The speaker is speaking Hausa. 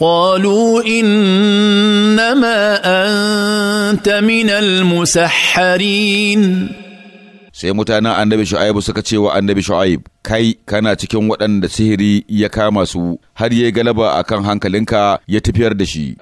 قالوا إنما taminal من المسحرين sai mutanen annabi shu'aibu suka ce wa annabi shu'aib kai kana cikin waɗanda sihiri ya kama su har ya galaba kan hankalinka ya tafiyar da shi